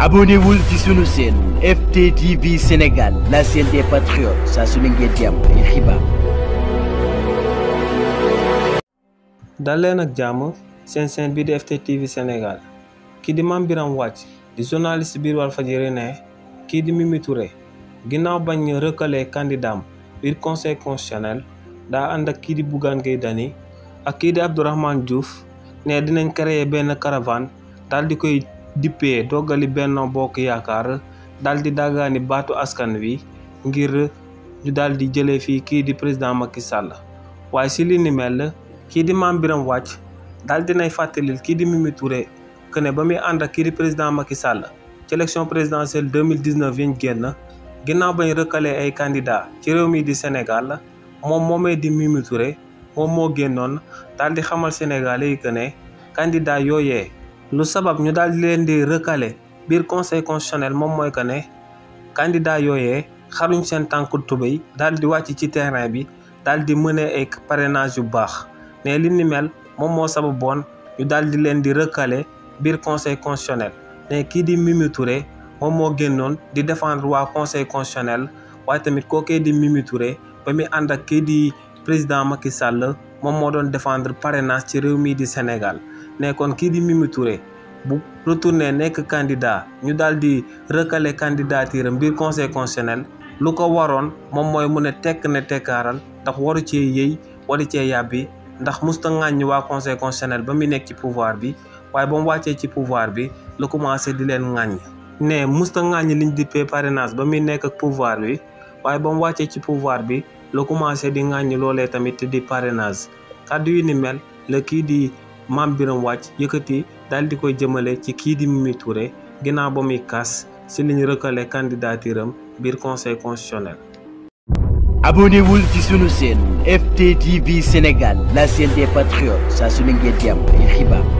abonnez vous sur notre chaîne FTTV Sénégal la chaîne des patriotes Ça se met ngeen di am ay xibaar. dal leen ak jàmm chaîne bi FTTV Sénégal qui demande bien Birame watch, des journalistes biir qui ne kii di Mimi Touré bañ recalé candidat biir conseil constitutionnel daa ànd ak kii di Bougane Gueye Dany ak kii Abdourahmane Diouf ne dinañ créer benn caravane daal di koy. dippee doggali Benno Bokk Yaakaar daal di daggaani baatu askan wi ngir ñu daal di jëlee fii kii di président Macky Sall waaye si li ni mel kii di Mame Birame wàcc daal dinay fàttalil kii di Mimi Touré que ne ba muy ànd ak kii di président Macky Sall ci élection présidentielle 2019 yañ génn ginnaaw bañ recalé ay candidat ci réew mi di Sénégal moom moomee di Mimi Touré moom moo génnoon daal di xamal Sénégalais yi que ne yooyee lu sabab ñu daal di leen di recalé biir conseil constitutionnel moom mooy que ne candidat yooye xaruñ seen tànkul tubéy daal di wàcc ci terrain bi daal di mëne ay parrainage yu baax mais li ni mel moom moo sababoon ñu daal di leen di recalé biir conseil constitutionnel mais kii di Mimi Touré moom moo génnoon di defendre waa conseil constitutionnel waaye tamit kookee di Mimi Touré ba muy ànd ak kii di président Macky Sall. moom moo doon défendre parrainage ci réew mii di Sénégal nekkoon kii di Mimi Touré bu retourné nekk candidat ñu daal di recalé candidature mbir conseil constitutionnel lu ko waroon moom mooy mu ne tekk ne tekkaaral ndax waru cee yëy waru cee yàbbi ndax musta ŋàññi waa conseil constitutionnel ba muy nekk ci pouvoir bi waaye ba mu wàccee ci pouvoir bi la commencé di leen ŋàññ ne musta ŋàññi liñ dippee parrainage ba muy nekk ak pouvoir bi waaye ba mu wàccee ci pouvoir bi la commencé di ŋàññi loolee tamit di parrainage kàddu yu ni mel la kii di Mame Birame Wathie yëkkati daal di koy jëmale ci kii di Mimi Touré ginnaaw ba muy kaas si liñ recalé candidature am biir conseil constitutionnel. abonnewul ci sunu chaîne FTTV Sénégal la chaîne des patriotes saa su am ay xibaar.